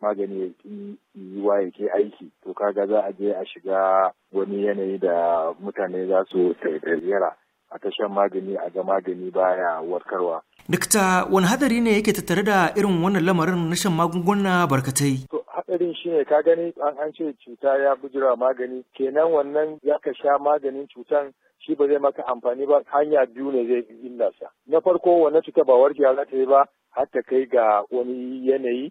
Speaker 6: magani ya ki wa ke aiki to kaga za a je a shiga wani yanayi da mutane za su tarayyara a ta magani a ga magani baya warkarwa.
Speaker 5: Dikta wani hadari ne yake tattare da irin wannan lamarin na shan magunguna barkatai?
Speaker 6: hadarin shi ne ka gani an ce cuta ya bujira magani kenan wannan ya ka sha maganin cutan shi ba zai maka amfani ba hanya biyu ne zai illa sa na farko wannan cuta ba warkewa za ta yi ba har ta kai ga wani yanayi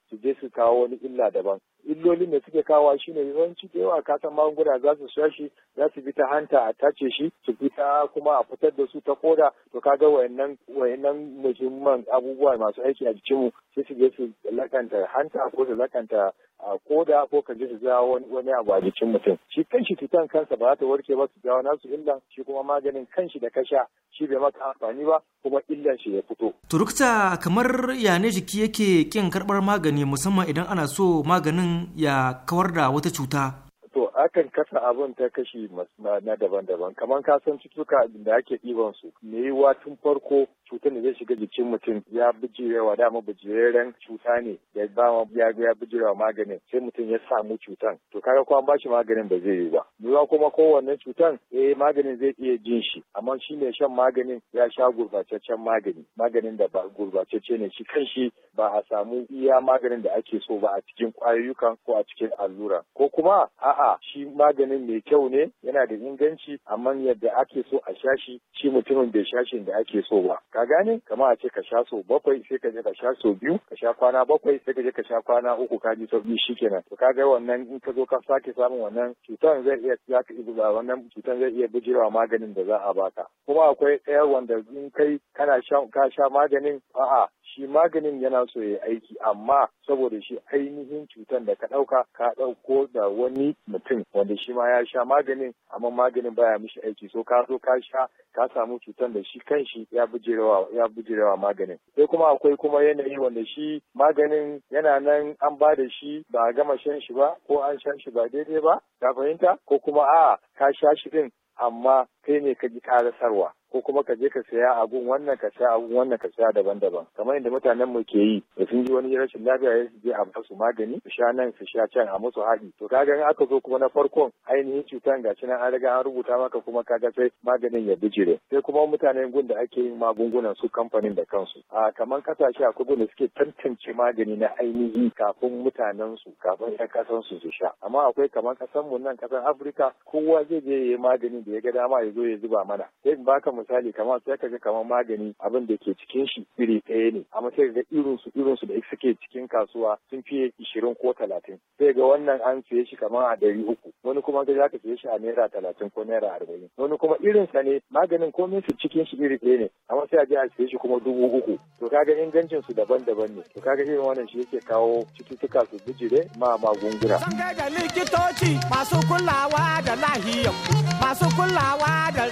Speaker 6: su je su kawo wani illa daban illolin da suke kawo shine yawanci da yawa ka san magunguna za su sha shi za su bi ta hanta a tace shi su bi ta kuma a fitar da su ta koda to kaga wayannan wayannan muhimman abubuwa masu aiki a jikinmu sai su je su lakanta hanta ko su lakanta a koda ko kan ji su ja wani abu a jikin mutum shi kanshi cutan kansa ba za ta warke ba su jawo nasu illan shi kuma maganin kanshi da kasha shi bai maka amfani ba kuma illan shi ya fito.
Speaker 5: turukta kamar ya jiki yake kin karbar magani ne musamman idan ana so maganin ya kawar da wata cuta
Speaker 6: to akan kasa abin ta kashi na daban-daban kamar kasan cutuka da ake ɗiban su ne wa tun farko cutar da zai shiga jikin mutum ya wa dama bijireren cuta ne da ba ya ya wa maganin sai mutum ya samu cutan to kaga ko an bashi maganin ba zai yi ba duba kuma kowanne cutan eh maganin zai iya jin shi amma shi mai shan maganin ya sha gurbataccen magani maganin da ba gurbatacce ne shi kanshi ba a samu iya maganin da ake so ba a cikin kwayoyukan ko a cikin allura ko kuma a'a shi maganin mai kyau ne yana da inganci amma yadda ake so a sha shi shi mutumin bai sha shi da ake so ba ka gane kamar a ce ka sha so bakwai sai ka je ka sha so biyu ka sha kwana bakwai sai ka je ka sha kwana uku ka ji sauki shikenan to kaga wannan in ka zo ka sake samun wannan cutan zai iya ya ka wannan cutan zai iya bijirewa maganin da za a baka kuma akwai ɗaya wanda in kai kana sha ka sha maganin a'a shi maganin yana so ya aiki amma saboda shi ainihin cutan da ka ɗauka ka ɗauko da wani mutum wanda shi ma ya sha maganin amma maganin baya mishi aiki so ka zo ka sha ka samu cutan da shi kanshi ya bujirewa ya bujirewa maganin sai kuma akwai kuma yanayi wanda shi maganin yana nan an ba da shi ba a gama shan shi ba ko an shan shi ba daidai ba ka fahimta ko kuma a'a ka sha shi din amma kai ne ka ji karasarwa ko kuma ka je ka saya abun wannan ka saya abun wannan ka saya daban-daban kamar inda mutanen mu ke yi da sun ji wani rashin lafiya ya je a basu magani su sha nan su sha can a musu haɗi to kaga in aka zo kuma na farkon ainihin cutan gashi nan an riga an rubuta maka kuma kaga sai maganin ya bijire sai kuma mutanen gun da ake yin magungunan su kamfanin da kansu a kamar kasashe akwai gun da suke tantance magani na ainihi kafin mutanen su kafin ya kasan su su sha amma akwai kamar kasan mu nan kasan Afirka kowa zai je ya yi magani da ya ga dama ya zo ya zuba mana sai baka misali kamar sai ka ga kamar magani abin da ke cikin shi iri ɗaya ne amma sai ga irin su irin su da suke cikin kasuwa sun fiye ishirin ko talatin sai ga wannan an siye shi kamar a ɗari uku wani kuma ga zaka siye shi a naira talatin ko naira arba'in wani kuma irin sa ne maganin komai su cikin shi iri ɗaya ne amma sai a je a siye shi kuma dubu uku to kaga ingancin su daban-daban ne to kaga irin wannan shi yake kawo cututtuka su bijire ma magunguna. Sun
Speaker 3: da likitoci masu kulawa da lahiyar masu kulawa da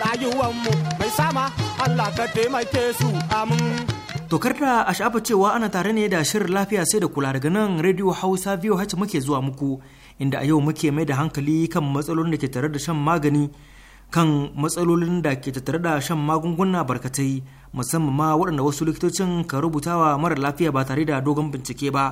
Speaker 3: mu mai sama Allah ka taimake su amin. Tokar da a
Speaker 5: sha'afa cewa ana tare ne da shirin lafiya sai da kula daga nan Radio Hausa biyu VOH muke zuwa muku inda a yau muke mai da hankali kan matsalolin da ke tare da shan magani kan matsalolin da ke tattare da shan magunguna barkatai musamman ma waɗanda wasu likitocin ka rubutawa mara lafiya ba tare da dogon bincike ba.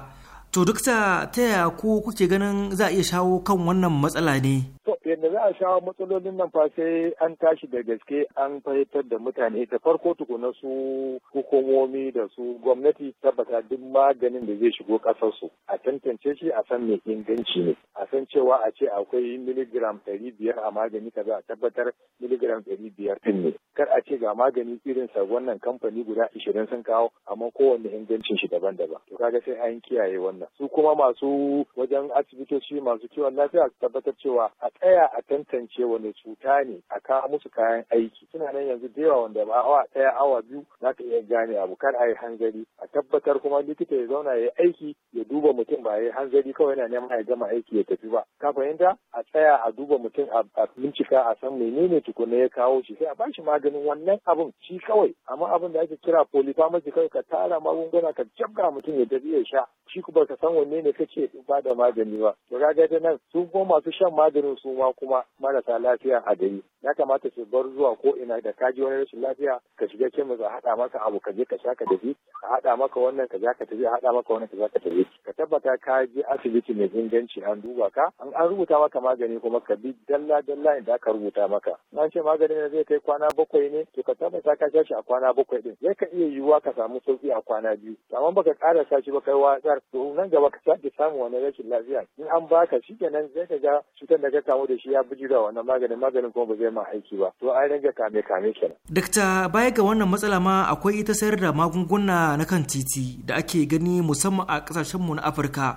Speaker 5: To duk ta yaya ku kuke ganin za a iya shawo kan wannan matsala ne?
Speaker 6: To yadda za a shawo matsalolin nan fa sai an tashi da gaske an fahimtar da mutane ta farko tukuna su hukumomi da su gwamnati tabbata duk maganin da zai shigo ƙasar a tantance shi a san mai inganci ne a san cewa a ce akwai miligram ɗari biyar a magani kaza a tabbatar miligram ɗari biyar ɗin ne kar a ce ga magani irin sa wannan kamfani guda ishirin sun kawo amma kowanne ingancin shi daban-daban to kaga sai an kiyaye wannan su kuma masu wajen asibitoci masu kiwon lafiya su tabbatar cewa a tsaya a tantance wani cuta ne a kawo musu kayan aiki suna nan yanzu da yawa wanda ba awa ɗaya awa biyu za ka iya gane abu kar a yi hanzari a tabbatar kuma likita ya zauna ya yi aiki ya duba mutum ba ya yi hanzari kawai yana neman ya gama aiki ya tafi ba ka fahimta a tsaya a duba mutum a bincika a san menene tukuna ya kawo shi sai a bashi maganin wannan abun shi kawai amma abin da ake kira polypharmacy kawai ka tara magunguna ka jabga mutum ya tafi ya sha shi kuma ka san wanne ne kace ba da magani ba to kaga nan su kuma masu shan maganin su su ma kuma marasa lafiya a gari ya kamata su bar zuwa ko ina da ka ji wani rashin lafiya ka shiga kemis a haɗa maka abu ka je ka sha ka tafi a haɗa maka wannan ka za ka tafi a haɗa maka wannan ka za ka tafi ka tabbata ka je asibiti mai inganci an duba ka an an rubuta maka magani kuma ka bi dalla dalla inda aka rubuta maka an ce maganin zai kai kwana bakwai ne to ka tabbata ka sha shi a kwana bakwai din zai ka iya yiwuwa ka samu sauki a kwana biyu amma baka karasa shi ba kai watsar to nan gaba ka sake samu wani rashin lafiya in an baka shi kenan zai ka ga cutar da ka dawo da shi ya buji da wannan maganin maganin kuma ba zai ma aiki ba to an ranga kame kame kenan
Speaker 5: dakta baya ga wannan matsala ma akwai ita sayar da magunguna na kan titi da ake gani musamman a kasashen mu na Afirka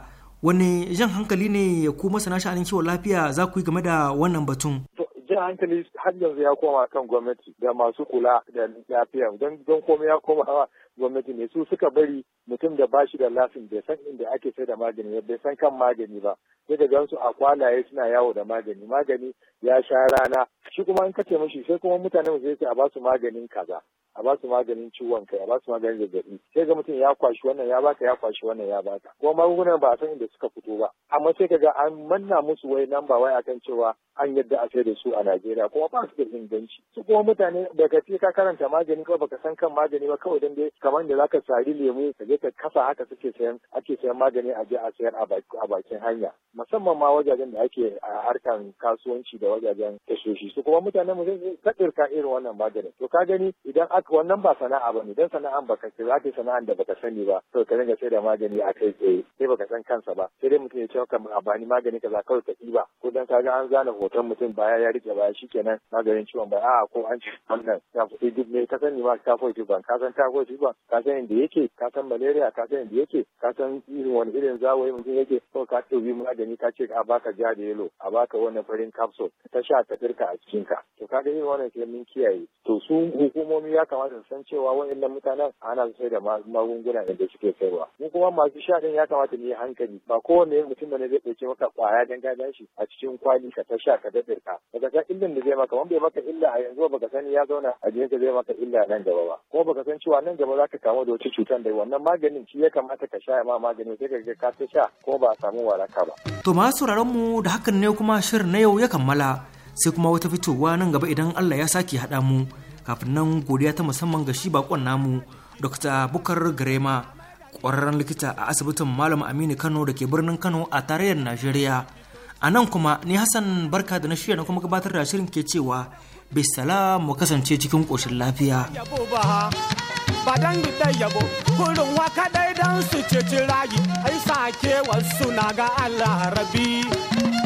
Speaker 5: wani jan hankali ne ko masana sha'anin kiwon lafiya za ku yi game da wannan batun jan hankali har yanzu ya koma kan
Speaker 6: gwamnati da masu kula da lafiya don komai ya koma gwamnati ne su suka bari mutum da bashi da lafin bai san inda ake sai da magani bai san kan magani ba sai ka gansu a kwalaye suna yawo da magani magani ya sha rana shi kuma in kace mishi sai kuma mutanen sai ce a ba su maganin kaza a ba su maganin ciwon kai a ba su maganin zazzabi sai ga mutum ya kwashi wannan ya baka ya kwashi wannan ya baka kuma magungunan ba a san inda suka fito ba amma sai kaga an manna musu wai nan ba wai akan cewa an yadda a sai da su a Najeriya kuma ba su da inganci su kuma mutane daga ce ka karanta magani kawai baka san kan magani ba kawai dan dai kamar da zaka sari lemu ka je ka kasa haka suke sayan ake sayan magani a je a sayar a bakin hanya musamman ma wajajen da ake a harkan kasuwanci da wajajen tashoshi su kuma mutanen mu zai kadirka irin wannan maganin to ka gani idan aka wannan ba sana'a ba ne idan sana'an baka za ka sana'an da baka sani ba to ka dinga sai da magani a kai tsaye sai baka san kansa ba sai dai mutum ya ce ka a bani magani kaza kawai ka ba. ko dan ka ga an zana hoton mutum baya ya rike baya shikenan maganin ciwon baya a'a ko an ci wannan ya fi duk ne ka sani ma ka koyi ban ka san ta koyi ban ka san inda yake ka san malaria ka san inda yake ka san irin wani irin zawo yake ko ka magani magani ka ce a baka ja da yelo a baka wani farin capsule ta sha ta firka a cikin ka to ka ga wannan ke mun kiyaye to su hukumomi ya kamata su san cewa wayannan mutanen ana sai da magunguna da suke kaiwa. mu kuma masu sha din ya kamata mu yi hankali ba kowane mutum da ne zai dauke maka kwaya dan ga shi a cikin kwali ka ta sha ka da firka daga san da zai maka wanda bai maka illa a yanzu baka sani ya zauna a ka zai maka illa nan gaba ba kuma baka san cewa nan gaba za ka kamu da wata cutar da wannan maganin shi ya kamata ka sha ma maganin sai ka ga ka ta sha ko ba a samu waraka ba.
Speaker 5: To masu mu da hakan ne kuma shirin na yau ya kammala sai kuma wata fitowa nan gaba idan Allah ya sake haɗa mu kafin nan godiya ta musamman ga shi bakon namu Dr. Bukar Garema ƙwararren likita a asibitin Malam Aminu Kano da ke birnin Kano a tarayyar Najeriya. A nan kuma ni Hassan Barka da na shirya na kuma gabatar da shirin ke cewa bisala mu kasance cikin ƙoshin lafiya
Speaker 3: ba dangi da yabo kurin waka dai don su ceci rayu ai sake wasu na ga Allah rabi